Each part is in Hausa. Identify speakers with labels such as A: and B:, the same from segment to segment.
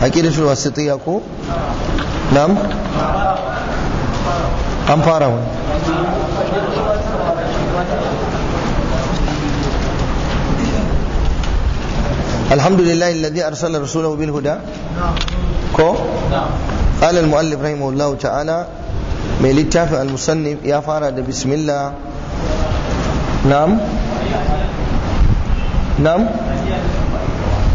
A: حكي شو في الوسطية كو نعم أم فارغ الحمد لله الذي أرسل رسوله بالهدى كو قال المؤلف رحمه الله تعالى ميلي تافع المصنف يا فارد بسم الله نعم نعم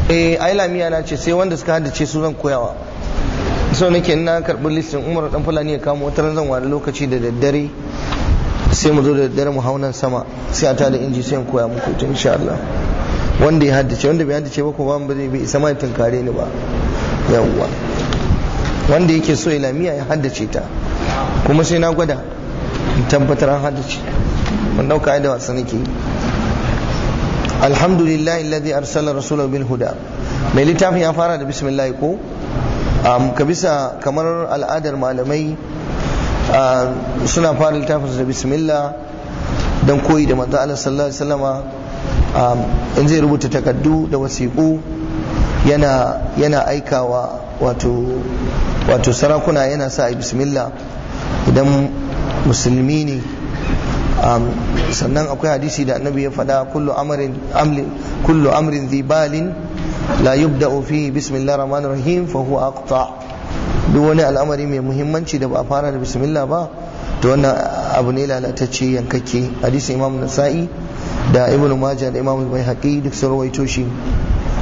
A: eh ai lamiya na ce sai wanda suka haddace su zan koyawa so nake na karbi listin umar dan fulani ya kama wata ranzan wani lokaci da daddare sai mu zo da daddare mu haunan sama sai a tada inji sai in koya muku tun insha Allah wanda ya haddace wanda bai haddace ba ko ba zai bi isa mai tunkare ni ba yawwa wanda yake so ilamiya ya haddace ta kuma sai na gwada tabbatar an haddace ban dauka ai da wasa nake yi alhamdulillah alladhi arsala rasulahu bil huda mai littafin ya fara da bismillah ko ka bisa kamar al'adar malamai suna fara littafin da bismillah don koyi da manzo Allah sallallahu alaihi wasallama in zai rubuta takaddu da wasiƙu yana yana aikawa wato wato sarakuna yana sa a bismillah idan musulmi ne Um, sannan akwai hadisi da annabi ya faɗa kullu amrin kullu amrin dhibalin la yubda'u fihi bismillahir rahmanir rahim fa huwa aqta duk wani al'amari mai muhimmanci da ba a fara da bismillah ba to wannan abu ne lalatacce yankakke hadisi imam nasa'i da ibn majah da imam al duk sun rawaito shi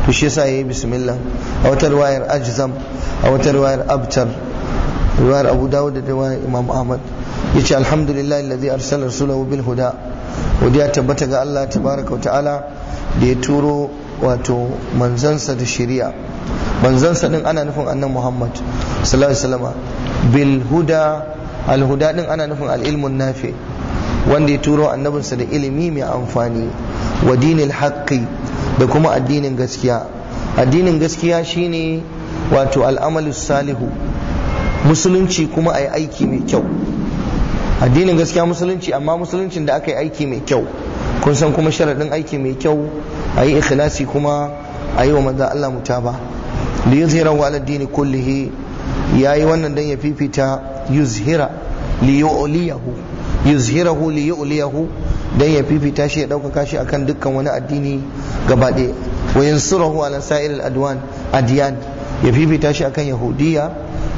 A: to shi yasa yayi bismillah a wata riwayar ajzam a wata riwayar abtar riwayar abu dawud da riwayar imam ahmad yace alhamdulillahi allazi arsala rasulahu bil huda godiya tabbata ga Allah tabaraka ta'ala da ya turo wato manzansa da shari'a manzansa din ana nufin annan Muhammad sallallahu alaihi wasallama bil huda al huda din ana nufin al ilmun nafi wanda ya turo annabinsa da ilimi mai amfani wa dinil haqqi da kuma addinin gaskiya addinin gaskiya shine wato al'amalu salihu musulunci kuma yi aiki mai kyau addinin gaskiya musulunci amma musuluncin da aka yi aiki mai kyau kun san kuma sharaɗin aiki mai kyau a yi ikhlasi kuma a yi wa manzan Allah mutaba da yuzhira wa aladdini kullihi ya yi wannan dan ya fifita yuzhira li yu'liyahu yuzhirahu li dan ya fifita shi ya ɗaukaka shi akan dukkan wani addini gaba ɗaya wa yansurahu ala sa'iril adwan adiyan ya fifita shi akan yahudiyya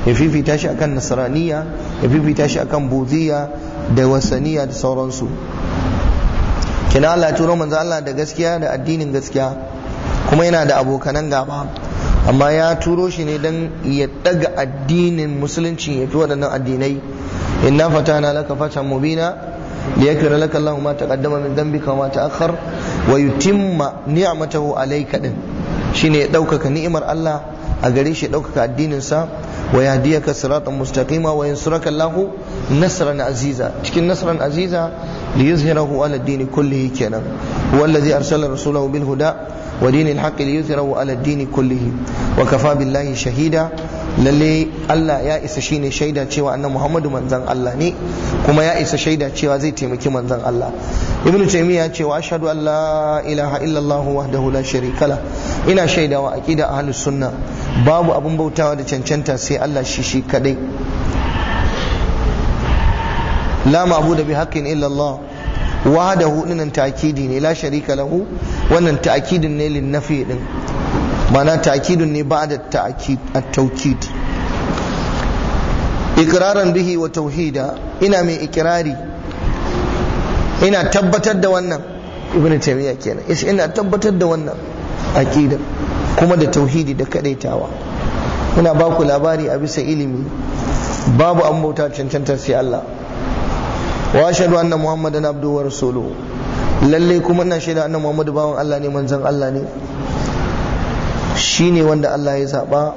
A: ya fifita shi akan nasraniya ya fifita shi akan budiya da wasaniya da sauransu kina Allah turo manzo Allah da gaskiya da addinin gaskiya kuma yana da abokanan gaba amma ya turo shi ne dan ya daga addinin musulunci ya fi waɗannan addinai inna fatana laka fatan mubina liyakfira laka Allahu ma taqaddama min dhanbika wa ma ta'akhkhar wa yutimma ni'matahu alayka din shine ya daukaka ni'imar Allah a gare shi ya daukaka addinin sa ويهديك صراطا مستقيما وينصرك الله نصرا عزيزا cikin نصرا عزيزا ليظهره على الدين كله كنا هو الذي ارسل رسوله بالهدى ودين الحق ليظهره على الدين كله وكفى بالله شهيدا lalle Allah ya isa shi ne shaida cewa annan Muhammadu manzan Allah ne kuma ya isa shaida cewa zai taimaki manzan Allah Ibn Taymiyyah ya ce wa ashhadu an la ilaha illallah wahdahu la sharika ina shaidawa a aqida ahlus sunna babu abun bautawa da cancanta sai Allah shi shi kadai la ma'budu bi haqqin illallah wahdahu dinan ta'kidi ne la sharika lahu wannan ta'kidin ne lin nafi din mana ta'kidin ne da ta'kid at-tawkid iqraran bihi wa tauhida ina mai ikirari ina tabbatar da wannan ibn taymiya kenan ina tabbatar da wannan aqida kuma da tauhidi da kadaitawa ina ba ku labari a bisa ilimi babu an bauta cancantar sai Allah wa ashhadu anna muhammadan abduhu wa rasuluhu lalle kuma ina shaida annan muhammadu bawan Allah ne manzon Allah ne shine wanda Allah ya zaba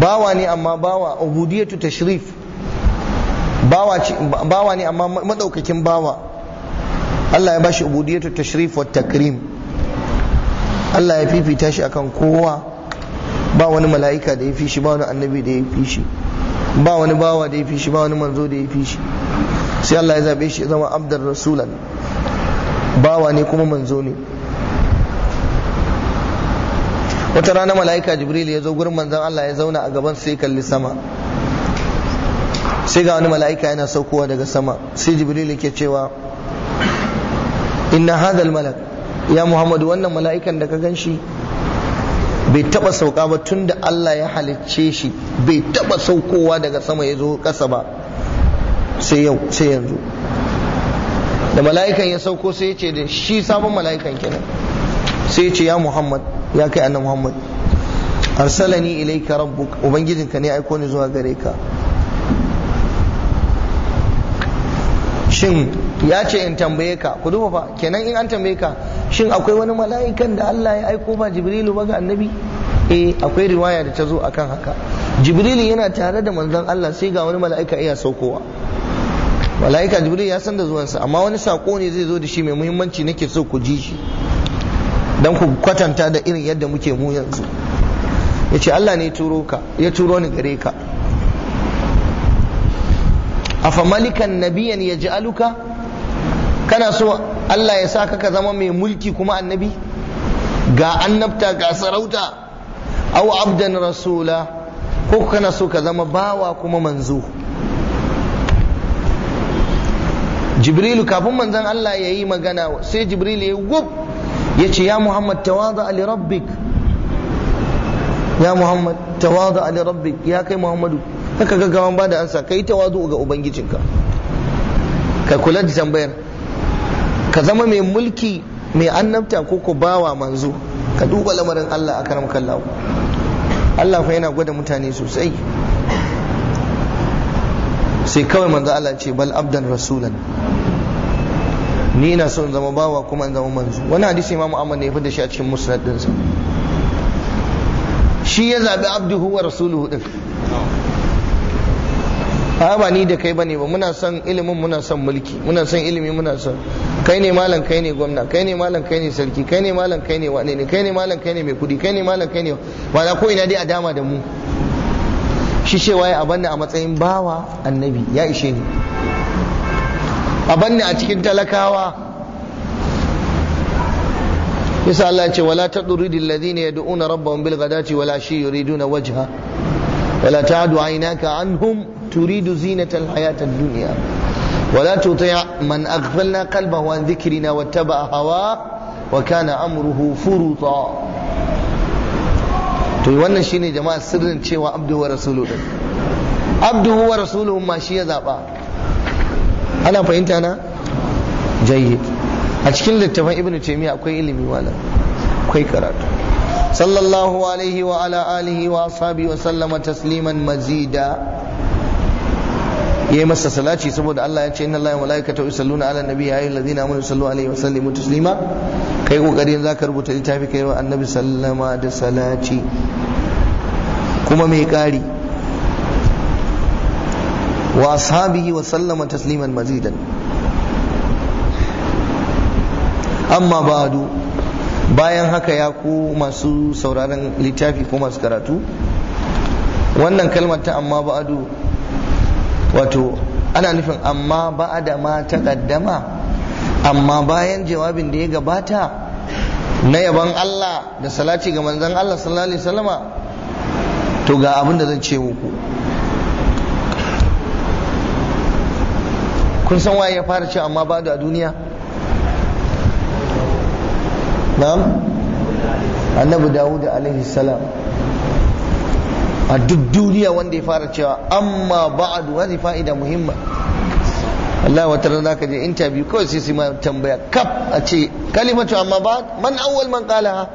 A: bawa ne amma bawa ubudiyatu tashrif bawa bawa ne amma madaukakin bawa Allah ya bashi ubudiyatu tashrif wa takrim Allah ya fifita shi akan kowa ba wani mala'ika da ya fi shi ba wani annabi da ya fi shi ba wani bawa da ya fi shi ba wani manzo da ya fi shi sai Allah ya zabe shi zama abdar rasulan bawa ne kuma manzo ne wata rana mala'ika jibril ya zo gurin manzon Allah ya zauna a gaban sai kalli sama sai ga wani mala'ika yana saukowa daga sama sai jibril yake cewa inna hadal malak ya muhammadu wannan mala'ikan da ka gan shi bai taba sauka ba tunda Allah ya halicce shi bai taba saukowa daga sama ya zo kasa ba sai yau sai yanzu da mala'ikan ya sauko sai ya ce da shi sabon mala'ikan kenan sai ya ce ya muhammad ya kai annan muhammad arsalani ilaika rabbuk ubangijinka ne aiko ni zuwa gare ka shin ya ce in tambaye ka ku duba fa kenan in an tambaye ka shin akwai wani mala'ikan da Allah ya aiko ba jibrilu ba ga annabi eh akwai riwaya da ta zo akan haka jibrilu yana tare da manzon Allah sai ga wani mala'ika iya saukowa mala'ika jibril ya san da zuwansa amma wani sako ne zai zo da shi mai muhimmanci nake so ku ji shi dan ku kwatanta da irin yadda muke mu yanzu yace Allah ne turo ka ya turo ni gare ka afa malikan nabiyan yaj'aluka kana so Allah ya saka ka zama mai mulki kuma annabi ga annabta ga sarauta au abdan rasula ko kana so ka zama bawa kuma manzo jibrilu kafin manzon Allah ya yi magana sai jibrilu ya gub ya ce ya muhammad tawaza ali rabbik ya muhammad tawaza ali rabbik ya kai muhammadu haka gaggawan ba da ansa kai tawazu ga ubangijinka ka kula da tambayar ka zama mai mulki mai annabta ko ko bawa manzo ka duba lamarin Allah a karam kallahu Allah fa yana gwada mutane sosai sai kawai manzo Allah ce bal abdan rasulan ni ina son zama bawa kuma in zama manzo wani hadisi imamu Ahmad ne ya fada shi a cikin musnad dinsa shi ya zabi abduhu wa rasuluhu din a ba ni da kai bane ba muna son ilimin muna son mulki muna son ilimi muna son kai ne malam kai ne gwamna kai ne malam kai ne sarki kai ne malam kai ne wane ne kai ne malam kai ne mai kudi kai ne malam kai ne ba ko ina dai a dama da mu shi cewa ya abanni a matsayin bawa annabi ya ishe ni abanni a cikin talakawa yasa Allah ce wala taduridi alladhina yad'una rabbahum bil ghadati wala shi yuriduna wajha wala ta'du aynaka anhum turidu zinata al hayati ad-dunya ولا تطيع من أغفلنا قلبه عن ذكرنا واتبع هواه وكان أمره فرطا to yi wannan shine jama'a sirrin cewa abdu wa rasulu din abdu wa rasulu ma shi ya zaba ana fahimta na jayyid a cikin littafin ibnu taymiya akwai ilimi malam akwai karatu sallallahu alaihi wa ala alihi wa ashabi wa sallama tasliman mazida yayi masa salati saboda Allah ya ce inna Allaha wa malaikatahu yusalluna ala nabi ya ladina amanu sallu alaihi wa sallimu taslima kai kokarin zaka rubuta littafi kai wa annabi sallama da salati kuma mai kari wa ashabihi wa sallama tasliman mazidan amma ba'du bayan haka ya ku masu sauraron littafi ko masu karatu wannan kalmar ta amma ba'du wato ana nufin amma ba da ma ta kaddama amma bayan jawabin da ya gabata na yaban Allah da salati ga manzon Allah sallallahu alaihi wasallama to ga abin da zan ce muku kun san waye ya fara cewa amma ba da duniya na'am annabi dawud alaihi salam a duk duniya wanda ya fara cewa amma ba'adu wani fa'ida muhimma Allah wata rana ka je interview kawai sai ma tambaya kaf a ce kalimatu amma ba man awwal man qalaha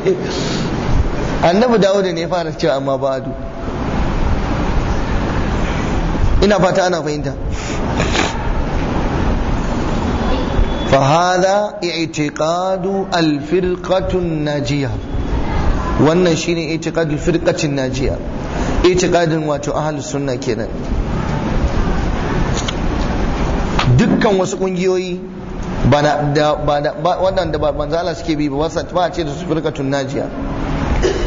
A: annabi dawuda ne ya fara cewa amma ba'adu ina fata ana fahimta فهذا اعتقاد الفرقة الناجية wannan shine itiqadul firqatin najiya itiqadin wato ahlus sunna kenan dukkan wasu kungiyoyi ba da waɗanda ba manzo Allah suke bi ba ba ce da su firqatun najiya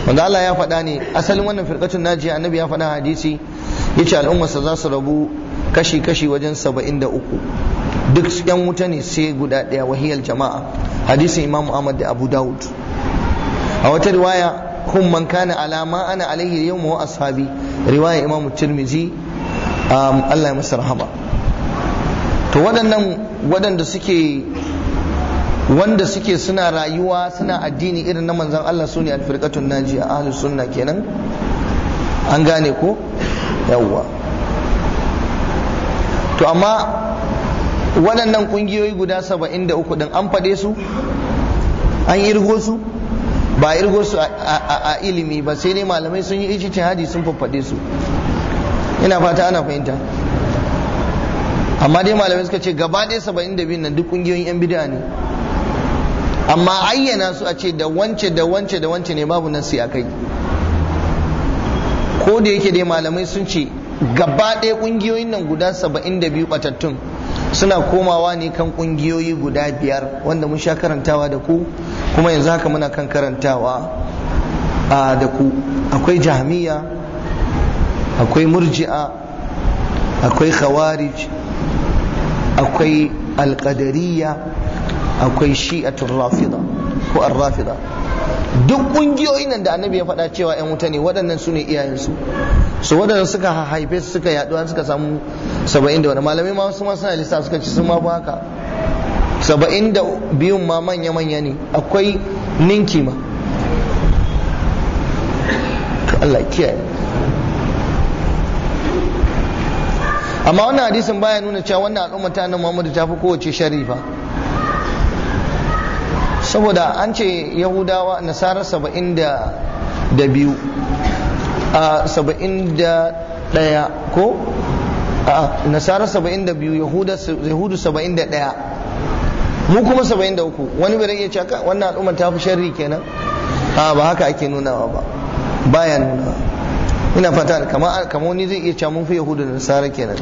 A: manzo Allah ya faɗa ne asalin wannan firqatun najiya annabi ya faɗa hadisi yace al'ummarsa za su rabu kashi kashi wajen 73 duk yan wuta ne sai guda ɗaya wahiyar jama'a hadisin Imam Ahmad da Abu Dawud a wata riwaya hun man kana alama ana alaihi yawm wa ashabi riwaya imam tirmizi um, Allah ya masa rahama to waɗannan waɗanda suke wanda suke suna rayuwa suna addini irin na manzon Allah su ne alfirqatun najiya ahlus sunna kenan an gane ko yawwa to amma waɗannan ƙungiyoyi guda saba'in da uku ɗin an faɗe su an irgo su ba irgo su a ilimi ba sai dai malamai sun yi ijtihadi sun faffaɗe su ina fata ana fahimta amma dai malamai suka ce gaba ɗaya saba'in da biyu nan duk ƙungiyoyin 'yan bidiya ne amma ayyana su a ce da wance da wance da wance ne babu nasi a kai ko da yake dai malamai sun ce gaba ɗaya ƙungiyoyin nan guda saba'in da biyu ɓatattun suna komawa ne kan kungiyoyi guda biyar wanda mun sha karantawa da ku kuma yanzu haka muna kan karantawa da ku akwai jahamiya, akwai murji'a akwai khawarij akwai alkadariya akwai shi'atun rafida ko ar-rafida duk ƙungiyoyin nan da annabi ya faɗa cewa 'yan wuta ne waɗannan su ne iyayensu su waɗanda suka haife su suka yaɗu har suka samu saba'in da wani malamai ma su ma suna lissa suka ci sun ma ba haka saba'in da biyun ma manya manya ne akwai ninki ma Allah kiyaye amma wannan hadisin baya nuna cewa wannan al'umma ta nan Muhammadu ta fi kowace sharifa saboda an ce yahudawa nasara saba'in da biyu a saba'in da ɗaya ko a nasara saba'in da biyu yahudu saba'in da ɗaya mu kuma saba'in da uku wani bai rage ce wannan al'ummar ta fi sharri kenan a ba haka ake nunawa ba baya nunawa ina fata kamar wani zai iya cewa mun fi yahudu da nasara kenan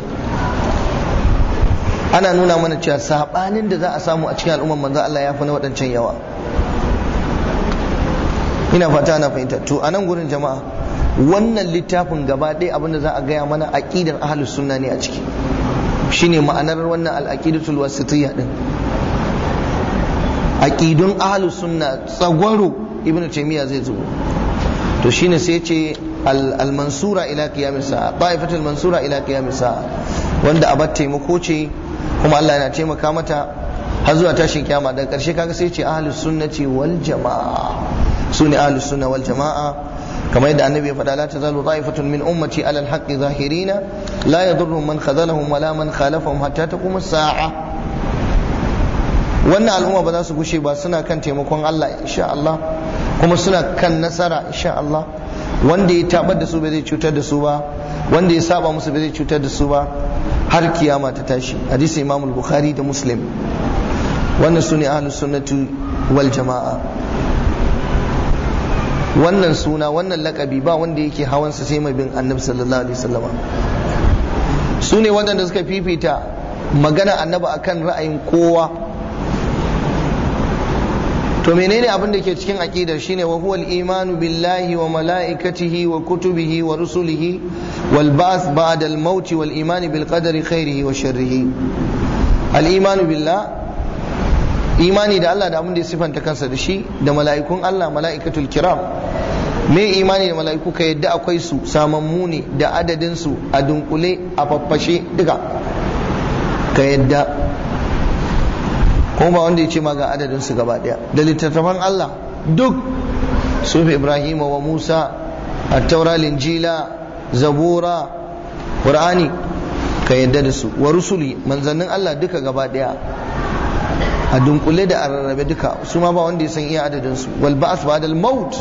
A: ana nuna mana cewa sabanin da za a samu a cikin al'ummar manzo Allah ya fi na waɗancan yawa ina fata ana fahimta to a nan gurin jama'a wannan littafin gaba ɗaya abin da za a gaya mana aqidar ahlus sunna ne a ciki shine ma'anar wannan al-aqidatul wasitiyya din aqidun ahlus sunna tsagwaro ibnu taymiya zai zo to shine sai ce al-mansura ila qiyamisa sa'a ta'ifatul mansura ila qiyamisa wanda abar taimako ce kuma Allah yana taimaka mata har zuwa tashin kyama daga karshe kaga sai ce ahlus sunnati wal jamaa su ne ahli sunna wal jamaa kamar yadda annabi ya faɗa la tazalu ta'ifatun min ummati ala al-haqqi zahirina la yadurru man khazalahum wala man khalafahum hatta taqum as-sa'a wannan al'umma ba za su gushe ba suna kan taimakon Allah insha Allah kuma suna kan nasara insha Allah wanda ya tabar da su bai zai cutar da su ba wanda ya saba musu bai zai cutar da su ba har kiyama ta tashi hadisi imam al-bukhari da muslim wannan su ne ahlus wal jama'a wannan suna wannan lakabi ba wanda yake hawan sa sai mai bin annabi sallallahu alaihi wasallam Sune wadanda waɗanda suka fifita magana annabi akan ra'ayin kowa to menene abin da ke cikin aqidar shine wa huwal imanu billahi wa mala'ikatihi wa kutubihi wa rusulihi والبعث بعد الموت والإيمان بالقدر خيره وشره الإيمان بالله imani da Allah da abin da ya sifanta kansa da shi da mala'ikun Allah mala'ikatul kiram me imani da mala'iku ka yadda akwai su samammu ne da adadin su a dunkule a faffashe duka ka yadda kuma ba wanda ya ce ma ga adadin su gaba daya da littattafan Allah duk sufi Ibrahim wa Musa at-Taura linjila zabura qur'ani ka yadda da su wa rusuli manzannin Allah duka gaba daya a dunkule da a rarrabe duka su ma ba wanda ya san iya adadin su wal ba'as ba'dal maut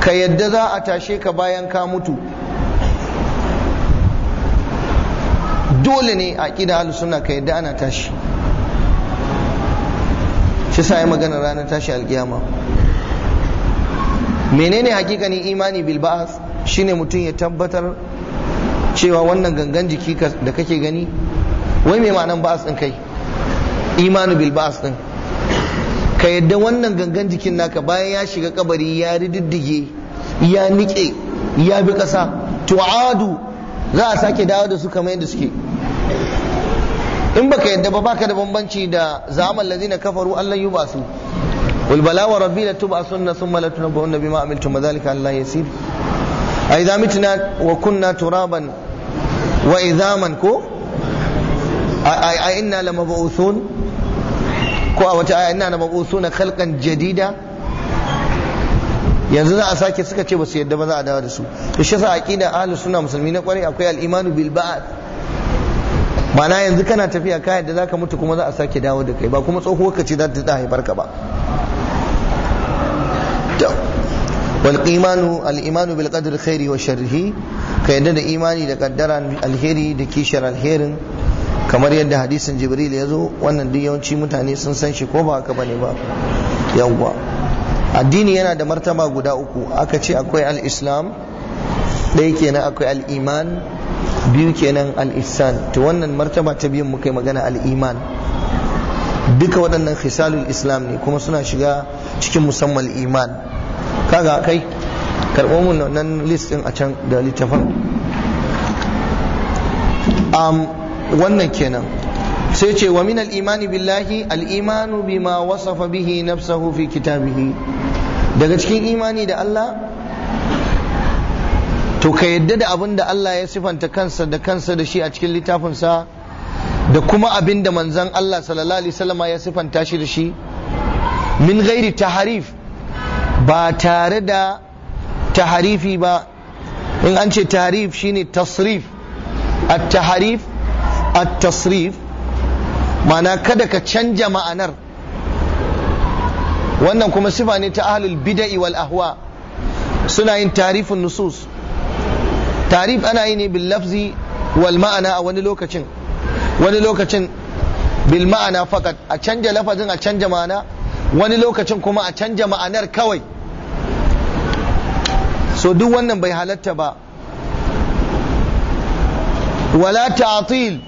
A: ka yadda za a tashe ka bayan ka mutu dole ne a ƙida ahlus sunna ka yadda ana tashi shi sa magana ranar tashi alkiyama menene hakikanin imani bil ba'as shine mutum ya tabbatar cewa wannan gangan jiki da kake gani wai mai ma'anan ba'as din kai imanu bil ba'as din ka yadda wannan gangan jikin naka bayan ya shiga kabari ya riddige ya nike ya bi ƙasa tu'adu za a sake dawo da su kamar yadda suke in baka yadda ba baka da bambanci da zaman lazina kafaru Allah yi ba su wal bala wa rabbi la tub'asunna thumma la tunabbauna bima amiltum dhalika Allah yasir a idza mitna wa kunna turaban wa izaman ko a inna la mab'uthun ko a wata aya inna la mab'uthuna khalqan jadida yanzu za a sake suka ce basu su yadda ba za a dawo da su to shi yasa aqida ahlus sunna musulmi na kwarai akwai al-imanu bil ba'd ma'ana yanzu kana tafiya ka yadda zaka mutu kuma za a sake dawo da kai ba kuma tsohuwar ka ce za ta haifar ka ba wal imanu al imanu bil qadri khairi wa sharrihi ka yadda da imani da kaddara alheri da kishar alherin kamar yadda hadisin jibril ya zo wannan duk yawanci mutane sun san shi ko ba haka bane ba yawwa addini yana da martaba guda uku aka ce akwai al-islam ɗaya kenan akwai al-iman biyu kenan al-ihsan to wannan martaba ta biyun muka magana al-iman duka waɗannan khisalul islam ne kuma suna shiga cikin musamman iman kaga kai karɓo mun nan list ɗin a can da littafin wannan kenan sai ce wa min al-imani billahi al-imanu bima wasafa bihi nafsahu fi kitabihi daga cikin imani da Allah to ka yadda da abin da Allah ya sifanta kansa da kansa da shi a cikin littafinsa da kuma abin da manzon Allah sallallahu alaihi ya sifanta shi da shi min ta tahrif ba tare da taharifi ba in an ce taharif shine tasrif at-taharif at-tasrif ma'ana kada ka canja ma'anar wannan kuma sifa ne ta ahlul bida'i wal ahwa suna yin tarifin nusus tarif ana yi ne bil lafzi wal ma'ana a wani lokacin wani lokacin bil ma'ana fakat a canja lafazin a canja ma'ana wani lokacin kuma a canja ma'anar kawai so duk wannan bai halatta ba wala ta'til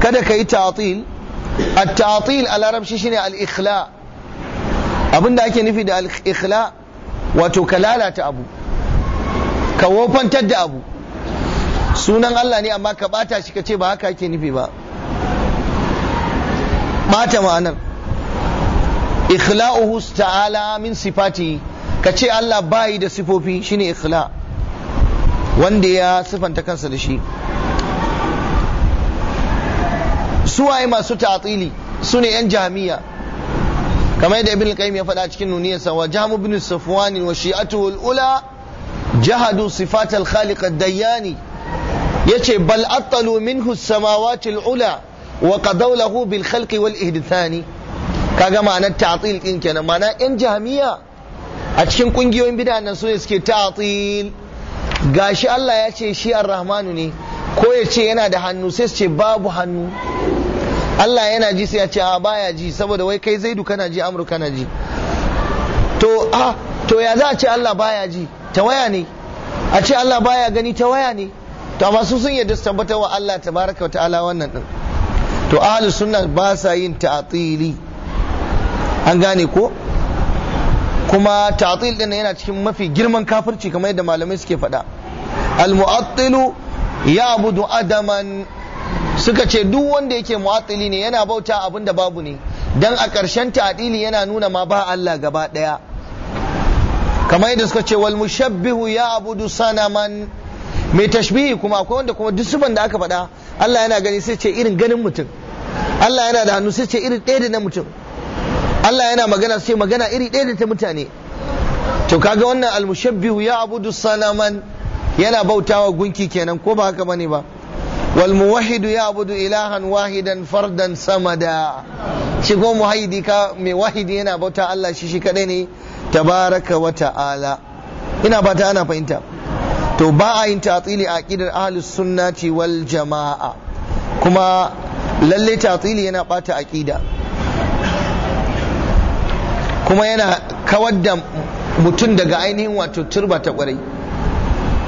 A: kada ka yi ta'til at-ta'til a larabci shine al-ikhla abinda ake nufi da al-ikhla wato ka lalata abu ka wofantar da abu sunan Allah ne amma ka bata shi ka ce ba haka ake nufi ba bata ma'anar ikhla'uhu ta'ala min sifati ka ce Allah bayi da sifofi shine ikhla wanda ya sifanta kansa da shi suwaye masu ta'tili su ne yan jami'a kamar yadda ibn al-qayyim ya faɗa cikin nuniyarsa wa jamu ibn safwan wa shi'atuhu al-ula jahadu sifat al-khaliq ad-dayyani yace bal attalu minhu as-samawati al-ula wa qadaw lahu bil khalqi wal ihdithani kaga ma'anar ta'til din kenan ma'ana yan jami'a a cikin kungiyoyin bid'a nan su ne suke ta'til gashi Allah ya ce shi ar-rahmanu ne ko ya ce yana da hannu sai su ce babu hannu Allah yana ji sai ya ce a baya ji saboda wai kai zaidu kana ji amru kana ji to a to ya za a ce Allah baya ji ta waya ne a ce Allah baya gani ta waya ne to amma su sun yarda su tabbatar wa Allah tabaraka wa ta'ala wannan din to ahlus sunna ba sa yin ta'tili an gane ko kuma ta'til din yana cikin mafi girman kafirci kamar yadda malamai suke faɗa al mu'attilu ya'budu adaman suka ce duk wanda yake mu'attili ne yana bauta abin da babu ne dan a ƙarshen ta'dili yana nuna ma ba Allah gaba ɗaya kamar yadda suka ce wal mushabbihu ya'budu sanaman mai tashbihi kuma akwai wanda kuma duk suban da aka faɗa Allah yana gani sai ce irin ganin mutum Allah yana da hannu sai ce irin ɗaya da na mutum Allah yana magana sai magana iri ɗaya da ta mutane to kaga wannan almushabbihu ya abudu salaman yana bautawa gunki kenan ko ba haka bane ba wal muwahhidu ya abudu ilahan wahidan fardan samada shi ko muhaidi ka mai wahidi yana bauta Allah shi shi kadai ne tabaraka wa ta'ala ina bata ana fahimta to ba a yin tatsili a aqidar ahlus sunnati wal jama'a kuma lalle tatsili yana bata aqida kuma yana kawar da mutum daga ainihin wato turba ta kwarai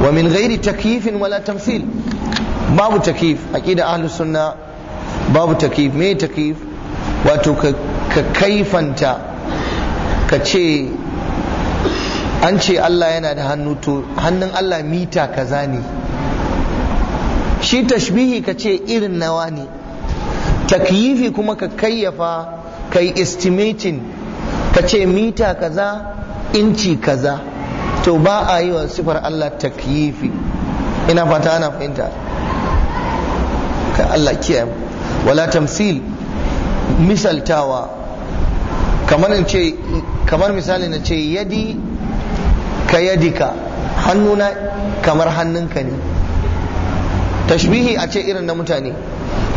A: wa min ghairi takyifin wala tamthil babu takyif aqida ahlus sunna babu takyif me takyif wato ka kaifanta ka ce an ce Allah yana da hannu to hannun Allah mita kaza ne shi tashbihi ka ce irin nawa ne takyifi kuma ka kayyafa ka yi estimating ka ce mita kaza inci kaza to ba a yi wa sifar Allah takyifi ina fata ana fahimta ka Allah kiyaye wala tamsil misaltawa kamar in ce kamar misali na ce yadi ka yadika hannuna kamar hannunka ne tashbihi a ce irin na mutane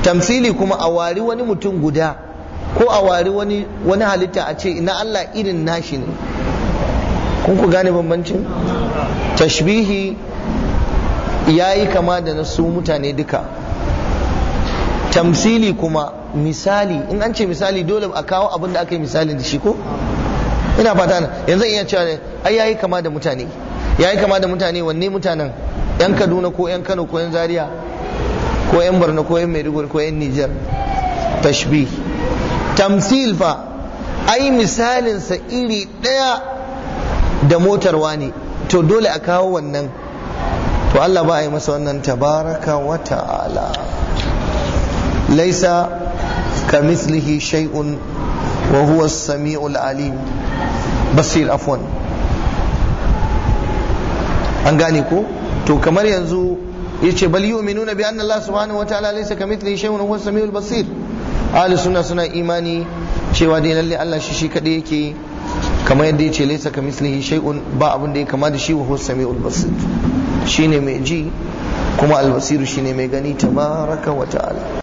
A: tamsili kuma a wari wani mutum guda ko a wari wani wani halitta a ce ina Allah irin nashi ne kun ku gane bambancin tashbihi ya yi kama da na su mutane duka tamsili kuma misali in an ce misali dole a kawo abin da aka yi misalin da shi ko ina fata yanzu iya cewa ne ai yayi kama da mutane yayi kama da mutane wanne mutanen yan kaduna ko yan kano ko yan zaria ko yan borno ko yan maiduguri ko yan niger tashbih tamsil fa ai misalinsa iri daya da motar wani to dole a kawo wannan to Allah ba a yi masa wannan tabaraka wa ta'ala laisa ka mislihi shay'un wa huwa samiul alim basir afwan an gane ko to kamar yanzu yace bal yu'minuna bi anna Allah subhanahu wa ta'ala laysa kamithlihi shay'un wa huwa samiul basir ahli sunna suna imani cewa dai lalle Allah shi shi kadai yake kamar yadda yace laysa kamislihi shay'un ba abin da ya kama da shi wa huwa samiul basir shine mai ji kuma albasiru shine mai gani tabaraka wa ta'ala